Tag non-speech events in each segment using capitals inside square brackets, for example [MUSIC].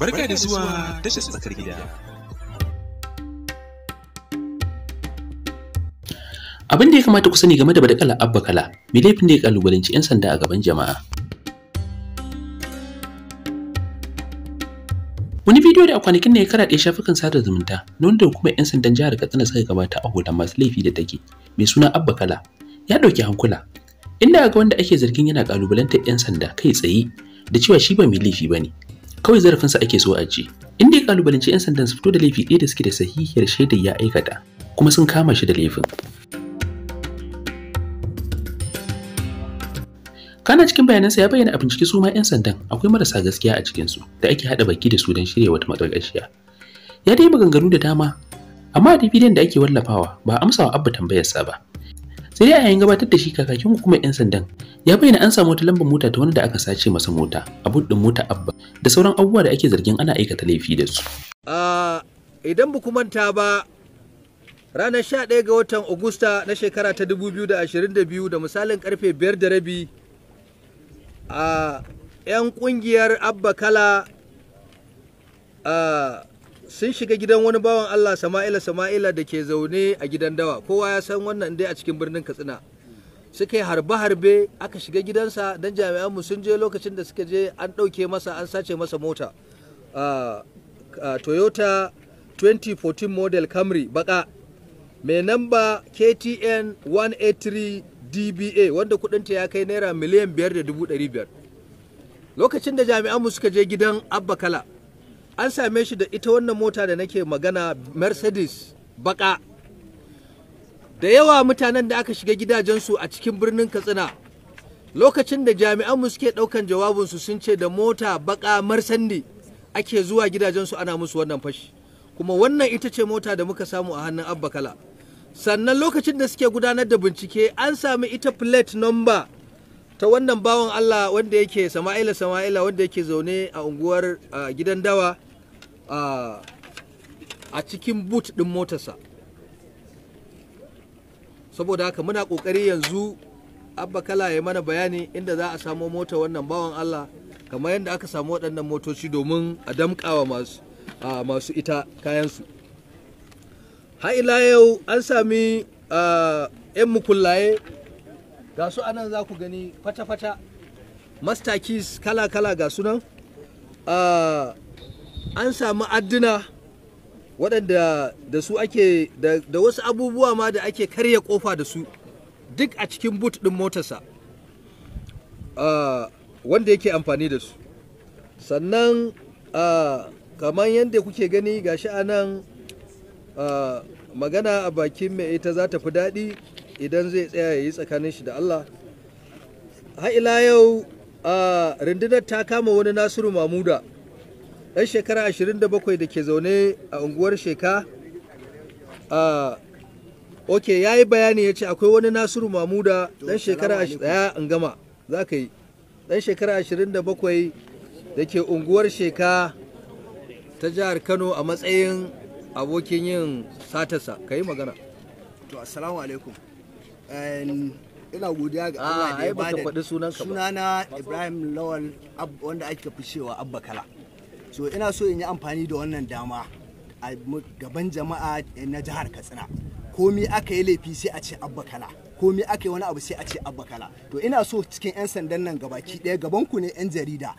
Barka da zuwa tashar tsakar gida. Abin da ya kamata ku sani game da barkala Abba Kala, mai laifin da ya kalubalanci 'yan sanda a gaban jama'a. Wani bidiyo da a kwanakin ne ya karaɗe shafukan sada zumunta na wanda kuma 'yan sandan jihar Katsina suka gabata a hoton masu laifi da take mai suna Abba Kala ya ɗauki hankula inda ga wanda ake zargin yana kalubalantar 'yan sanda kai tsaye da cewa shi ba mai laifi ba ne kawai zarafinsa ake so a ji inda ya kalubalance 'yan sandan su fito da laifi ɗaya da suke da sahihiyar shaidar ya aikata kuma sun kama shi da laifin kana cikin bayanansa ya bayyana a bincike su ma 'yan sandan akwai marasa gaskiya a cikinsu da ake haɗa baki da su don shirya wata matsarƙashiya ya dai maganganu da dama amma a bidiyon da ake wallafawa ba amsa wa abba tambayarsa ba sai dai yayin gabatar da shi kakakin hukumar 'yan sandan ya bayyana an samu wata lambar mota ta wani da aka sace masa mota a buɗin mota abba da sauran abubuwa da ake zargin ana aikata laifi da su. idan bu ku manta ba ranar 11 ga watan Agusta na shekara ta 2022 da misalin karfe 5 da rabi a 'yan kungiyar abba kala a sun shiga gidan wani bawan Allah Sama'ila Sama'ila da ke zaune a gidan dawa kowa ya san wannan dai a cikin birnin Katsina suka yi harbe-harbe aka shiga gidansa don jami'an mu sun je lokacin da suka je an ɗauke masa an sace masa mota uh, uh, Toyota 2014 model Camry baka mai namba KTN 183 DBA wanda kudinta ya kai naira miliyan 5,500 lokacin da jami'an mu suka je gidan Abba Kala an same shi da ita wannan mota da nake magana mercedes baka da yawa mutanen da aka shiga gidajensu a cikin birnin katsina lokacin da jami'anmu suke ɗaukan jawabinsu sun ce da mota baka marsandi ake zuwa gidajensu ana musu wannan fashi kuma wannan ita ce mota da muka samu a hannun abba kala sannan lokacin da suke gudanar da bincike an sami ita plate number ta wannan bawan allah wanda yake sama'ila sama'ila wanda yake zaune a unguwar gidan dawa a cikin boot ɗin motarsa saboda haka muna ƙoƙari yanzu abba kala ya mana bayani inda za a samo mota wannan bawan allah kamar yadda aka samu waɗannan motoci domin a damƙawa masu, masu ita kayansu haila ila yau an sami 'yan mukullaye ga su anan za ku gani fata-fata master keys kala-kala ga sunan an samu adduna waɗanda da su ake da, wasu abubuwa ma da ake karya ƙofa da su duk a cikin but ɗin motarsa wanda yake amfani da su sannan kamar yadda kuke gani gashi a nan magana a bakin mai ita za ta fi daɗi idan zai tsaya ya yi tsakanin shi da Allah har ila yau rundunar ta kama wani nasiru mamuda ɗan shekara 27 da ke zaune a unguwar sheka a ok ya yi bayani ya ce akwai wani nasiru mamuda ɗan shekara 21 an gama za ka yi ɗan shekara 27 da ke unguwar sheka ta jihar kano a matsayin abokin yin satasa. ka yi magana to assalamu alaikum ina godiya ga ah, Allah da ya bada sunana Ibrahim Lawal wanda ake fi cewa Abba Kala so ina so in yi amfani da wannan dama a gaban jama'a na jihar katsina komi aka yi laifi sai a ce abba kala komi aka yi wani abu sai a ce abba kala to ina so cikin 'yan sandan nan gabaki daya gaban ku ne 'yan jarida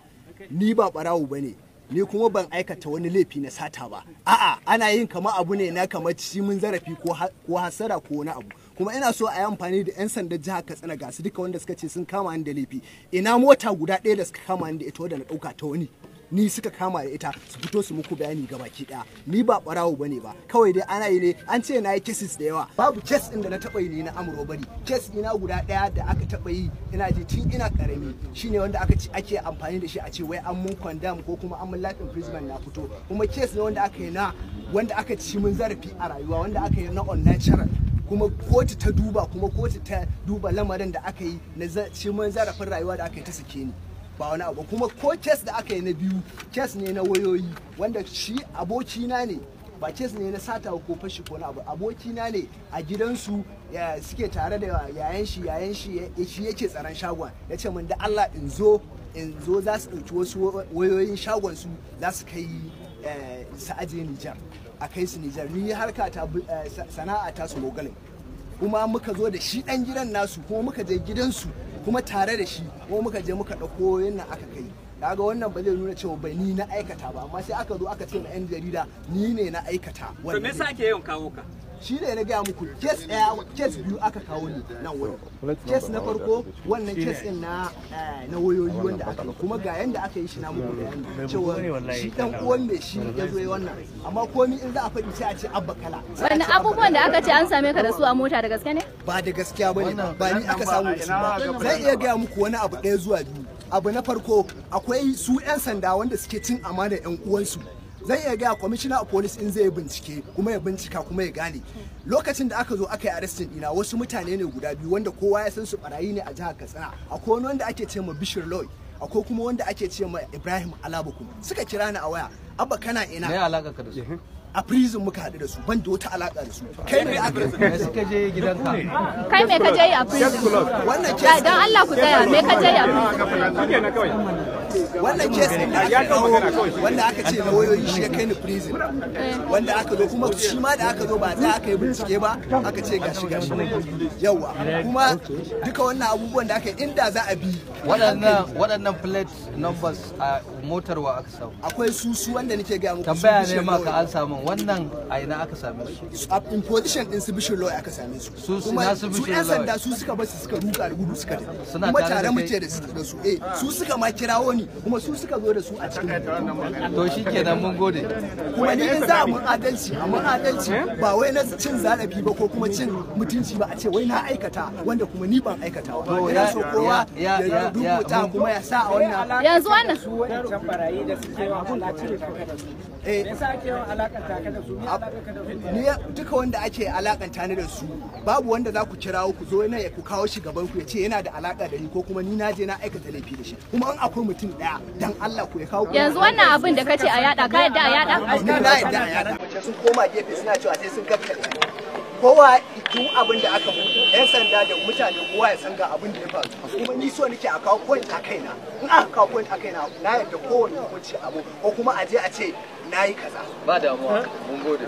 ni ba barawo ba ne ni kuma ban aikata wani laifi na sata ba a'a ana yin kama abu ne na kamar shi mun zarafi ko hasara ko wani abu kuma ina so a yi amfani da 'yan sandan jihar katsina ga su duka wanda suka ce sun kama ni da laifi ina mota guda ɗaya da suka kama ni da ita wadda na ɗauka ta wani ni suka kama da ita su fito su muku bayani ga baki daya ni ba barawo bane ba kawai dai ana yi ne an ce na yi cases da yawa babu kes din da na taba yi ne na amuro bari kes ina guda daya da aka taba yi ina ji tun ina karami shine wanda aka ci ake amfani da shi a ce wai an mun condemn ko kuma an mun life imprisonment na fito kuma kes ne wanda aka yi na wanda aka ci mun zarafi a rayuwa wanda aka yi na unnatural kuma kotu ta duba kuma kotu ta duba lamarin da aka yi na cimin zarafin rayuwa da aka yi ta sake ni ba wani abu kuma ko kes da aka yi na biyu kes ne na wayoyi wanda shi abokina ne ba kes ne na sata ko fashi ko abu abokina ne a gidansu suke tare da yayan shi yayan shi shi yake tsaron shagon ya ce min da Allah in zo in zo za su ɗauki wasu wayoyin shagon su za su kai eh, su aje Nijar a kai su Nijar ni harka ta eh, sana'a ta su mogalin kuma muka zo da shi ɗan gidan nasu kuma muka je gidansu kuma tare da shi ko muka je muka ɗauko yana aka kai kaga wannan ba zai nuna cewa bai ni na aikata ba amma sai aka zo aka ce na yan jarida ni ne na aikata wannan me yasa ake yawan kawo ka shi ne na gaya muku kes ɗaya kes biyu aka kawo ni nan wani kes na farko wannan kes ɗin na eh, na wayoyi wanda aka yi kuma ga yanda aka yi shi na muku bayani cewa shi dan uwan ne, shi ya zo wannan amma komai in za a faɗi sai a ce abba kala wani abubuwan da aka ce an same ka da su a mota da gaske ne ba da gaskiya ne? ba ni aka samu da su ba zan iya gaya muku wani abu ɗaya zuwa biyu abu na farko akwai su 'yan sanda wanda suke cin amana 'yan uwansu zan iya gaya commissioner of police in zai bincike kuma ya bincika kuma ya gane lokacin da aka zo aka yi arrestin dina wasu mutane ne guda biyu wanda kowa ya san su barayi ne a jihar katsina akwai wani wanda ake ce ma bishir loy akwai kuma wanda ake ce ma ibrahim alabukum suka kira ni a waya abba kana ina me alaka ka da su a prison muka haɗu da su ban da wata alaka da su kai me aka suka je gidanka kai me ka je a prison wannan ke dan Allah ku tsaya me ka je a prison wannan kes din da aka kawo wanda aka ce na wayoyi shi ya kai ni prison wanda aka zo kuma shi ma da aka zo ba ta aka yi bincike ba aka ce gashi gashi yawa kuma duka wannan abubuwan da aka inda za a bi waɗannan waɗannan plate numbers a motar wa aka samu akwai su su wanda nake ga muku tambaya ne ma ka an samu wannan a ina aka same su a position din su bishin lawyer aka same su su na su bishin lawyer su yan sanda su suka basu suka ruka da gudu suka tafi kuma tare muke da su eh su suka ma kirawo ni sani kuma su suka zo da su a cikin to shi ke nan mun gode kuma ni in za mu adalci amma adalci eh? ba wai na cin zarafi ba ko kuma cin mutunci ba a ce wai na aikata wanda kuma ni ban aikata ba ya so kowa ya rubuta kuma ya sa a wannan yanzu wannan su can barayi da suke wa kula cire duka wanda ake alakanta ni da su babu wanda za ku kirawo ku zo ne ku kawo shi gaban ku ya ce yana da alaka da ni ko kuma ni na je na aikata laifi da shi kuma an akwai mutum iri daya dan Allah ku ya kawo yanzu wannan abin da kace a yada ka yadda a yada na yadda a yada sun koma gefe suna cewa sai sun gafka kowa duk abin da aka mu yan sanda da mutane kowa ya san ga abin da ya faru kuma ni so nake a kawo point a kaina in aka kawo point a kaina na yadda abu ko kuma a je a ce nayi kaza ba damuwa mun gode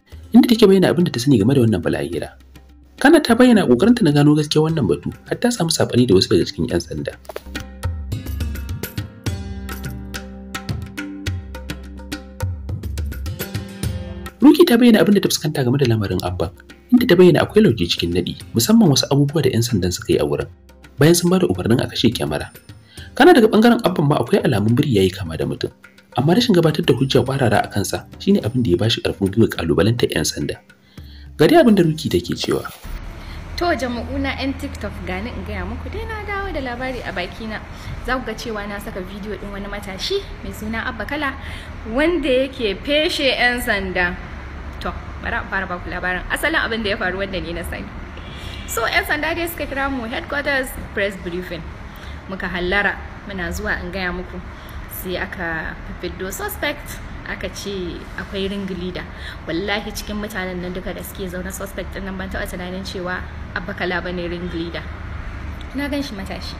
take bayyana abin da ta sani game da wannan bala'ira. Kana ta bayyana ƙoƙarinta na gano gaskiyar wannan batu har ta samu saɓani da wasu daga cikin 'yan sanda. Ruki ta bayyana abin da ta fuskanta game da lamarin Abba, inda ta bayyana akwai lauje cikin nadi, musamman wasu abubuwa da 'yan sandan suka yi a wurin, bayan sun ba da umarnin a kashe kyamara. Kana daga bangaren Abban ma akwai alamun biri yayi kama da mutum, amma rashin gabatar da hujja kwarara a kansa shine abin da ya bashi karfin gwiwa kalubalanta 'yan sanda gari abin da ruki take cewa to jama'una 'yan tiktok gani in gaya muku dai na dawo da labari a bakina za ku ga cewa na saka bidiyo ɗin wani matashi mai suna abba kala wanda yake feshe 'yan sanda to bari a fara baku labarin asalin abin da ya faru wanda ne na sani so 'yan sanda dai suka kira mu headquarters press briefing muka hallara muna zuwa in gaya muku sai aka fiddo suspect aka ce akwai ring leader wallahi cikin mutanen nan duka da suke zaune suspect nan ban taɓa tunanin cewa abba kala bane ring leader na gan shi matashi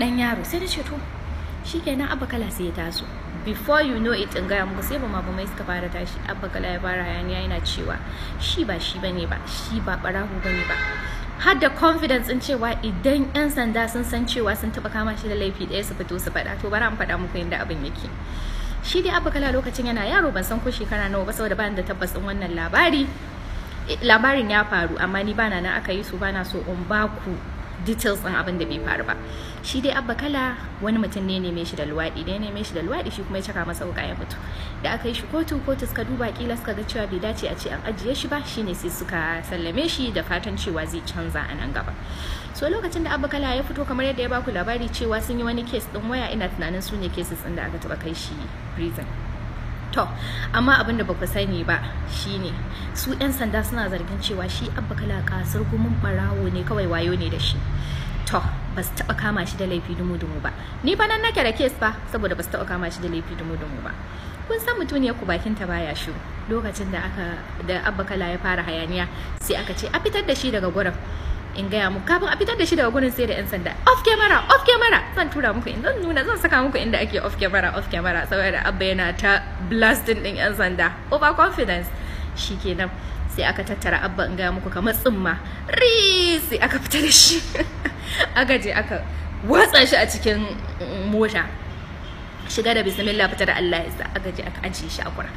dan yaro sai da ce to shikenan abba kala sai ya taso before you know it in gaya muku sai ba mabu mai suka fara tashi abba ya fara hayaniya yana cewa shi ba shi bane ba shi ba barahu bane ba har da confidence in cewa idan 'yan sanda sun san cewa sun taba kama shi da laifi ɗaya su fito su faɗa to bari an faɗa muku yadda abin yake shi dai abu kala lokacin yana yaro ban san ko shekara nawa ba saboda bani da tabbas wannan labari eh, labarin ya faru amma ni bana nan aka yi su bana so in ba ku. details ɗin abin da bai faru ba shi dai abba kala wani mutum ne neme shi da luwaɗi ne neme shi da luwaɗi shi kuma ya caka masa wuka ya mutu da aka yi shi kotu kotu suka duba kila suka ga cewa bai dace a ce an ajiye shi ba shine sai suka sallame shi da fatan cewa zai canza a nan gaba so lokacin da abba kala ya fito kamar yadda ya baku labari cewa sun yi wani kes ɗin waya ina tunanin su ne cases ɗin da aka taɓa kai shi prison to amma abinda da ba ku sani ba shine su 'yan sanda suna zargin cewa shi abba kasar gumin barawo ne kawai wayo ne da shi to ba su taba kama shi da laifi dumu-dumu ba ni fa nan nake da kes ba saboda ba su taba kama shi da laifi dumu-dumu ba kun san mutuniya ku bakin ta baya shu lokacin da aka da abba kala ya fara hayaniya sai aka ce a fitar da shi daga gurin in gaya muku kafin a fitar da shi daga gurin sai da yan sanda off camera off camera zan tura muku in zan nuna zan saka muku inda ake off camera off camera saboda abba yana ta blasting din yan sanda over confidence shikenan sai aka tattara abba in gaya muku kamar tsimma ri sai aka fita da shi [LAUGHS] aka je aka watsa shi a cikin mota shiga da bismillah fita da Allah ya sa aka je aka ajiye shi a kura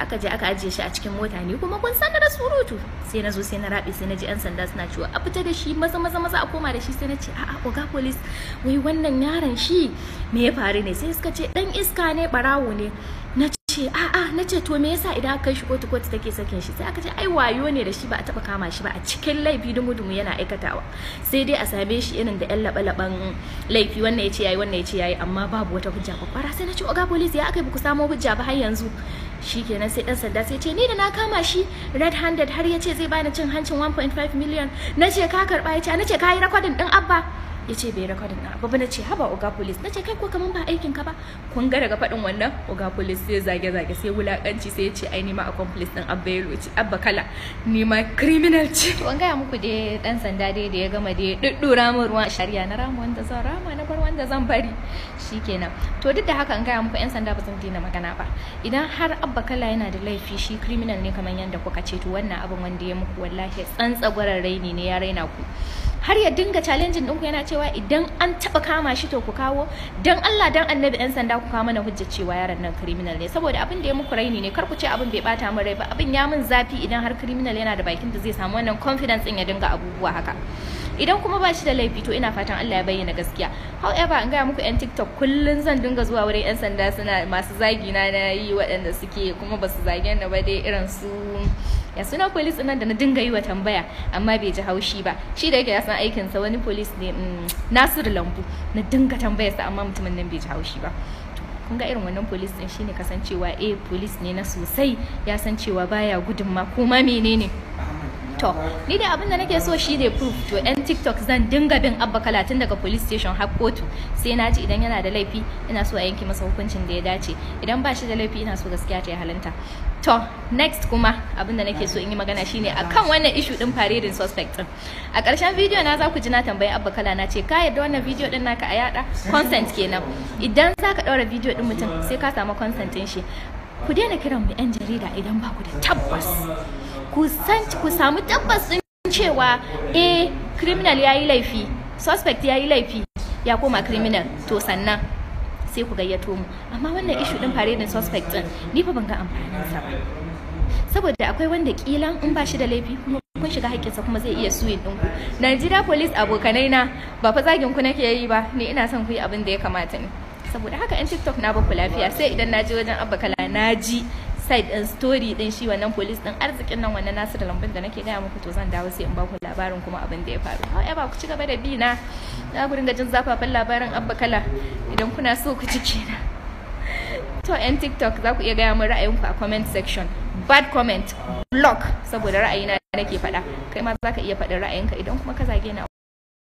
aka je aka ajiye shi a cikin mota ne kuma kun san da surutu sai na zo sai na rabe sai na ji yan sanda suna cewa a fita da shi maza maza maza a koma da shi sai na ce a'a oga police wai wannan yaron shi me ya faru ne sai suka ce dan iska ne barawo ne na ce a'a na ce to me yasa idan aka kai shi kotu kotu take sakin shi sai aka ce ai wayo ne da shi ba a taba kama shi ba a cikin laifi dumu dumu yana aikatawa sai dai a same shi irin da yan laba laban laifi wannan yace yayi wannan yace yayi amma babu wata hujja kwara sai na ce oga police ya akai ba ku samo hujja ba har yanzu shikenan sai dan sanda sai ce ni da na kama shi red handed har ya ce zai bani cin hancin 1.5 million na ce ka karba ce na ce ka yi din abba ya ce bai rekodin na abu na ce haba oga police na ce kai ko kaman ba aikin ka ba kun ga daga faɗin wannan oga police sai zage zage sai wulakanci sai ya ce ai nima akon police din abba yalo ce abba kala nima criminal ce to an gaya muku dai dan sanda dai da ya gama dai duddura mu ruwan shari'a na rama wanda zan rama na bar wanda zan bari shikenan to duk da haka an gaya muku yan sanda ba zan dina magana ba idan har abba kala yana da laifi shi criminal ne kaman yanda kuka ce to wannan abin wanda ya muku wallahi tsantsa gwararrai ne ya raina ku har ya dinga challenging ɗinku yana cewa idan an taɓa kama shi to ku kawo don Allah don annabi ɗan sanda ku kawo mana hujjar cewa yaron nan criminal ne saboda abin da ya muku raini ne kar ku ce abin bai bata min rai ba abin ya min zafi idan har criminal yana da bakin da zai samu wannan confidence ɗin ya dinga abubuwa haka idan kuma ba shi da laifi to ina fatan Allah ya bayyana gaskiya however an gaya muku yan tiktok kullun zan dinga zuwa wurin yan sanda suna masu zagi na na yi waɗanda suke kuma ba su zage ni ba dai irin su ya suna police nan da na dinga yi wa tambaya amma bai ji haushi ba shi da yake ya san aikin sa wani police ne mm, Nasiru Lambu na dinga tambayarsa amma mutumin nan bai ji haushi ba kun ga irin wannan police din shine kasancewa eh police ne na sosai ya san cewa baya gudun ma ko menene to ni da abin da nake so shi ne proof to yan tiktok zan dinga bin abba kalatin daga police station har kotu sai na ji idan yana da laifi ina so a yanke masa hukuncin da ya dace idan ba shi da laifi ina so gaskiya ta yi halinta to next kuma abin da nake so in yi magana shine akan wannan issue din faredin suspect a ƙarshen video na za ku ji na tambayi abba kala na ce ka yarda wannan video din naka a yada consent kenan idan za ka ɗaura video din mutum sai ka samu consent din shi ku daina kiran mu 'yan jarida idan ba ku da tabbas ku san ku samu tabbas din cewa eh criminal ya yi laifi suspect ya yi laifi ya koma criminal to sannan sai ku gayyato mu amma wannan ishu din faredin suspect din ni fa ban ga amfaninsa ba saboda akwai wanda kila in ba shi da laifi kuma kun shiga sa, kuma zai iya suyin din ku Najeriya police abokanai na ba fa zagin ku nake yi ba ni ina son ku yi abin da ya kamata ne saboda haka yan tiktok na baku lafiya sai idan na ji wajen abba kala na ji side din story din shi wannan police din arzikin nan wannan nasu da lambun da nake gaya muku to zan dawo sai in baku labarin kuma abin da ya faru however ku ci gaba da bi na za ku gajin zafafan labarin abba kala idan kuna so ku ci kenan to yan tiktok za ku iya gaya min ra'ayinku a comment section bad comment block saboda ra'ayina nake faɗa kai ma za ka iya faɗin ra'ayinka idan kuma ka zage na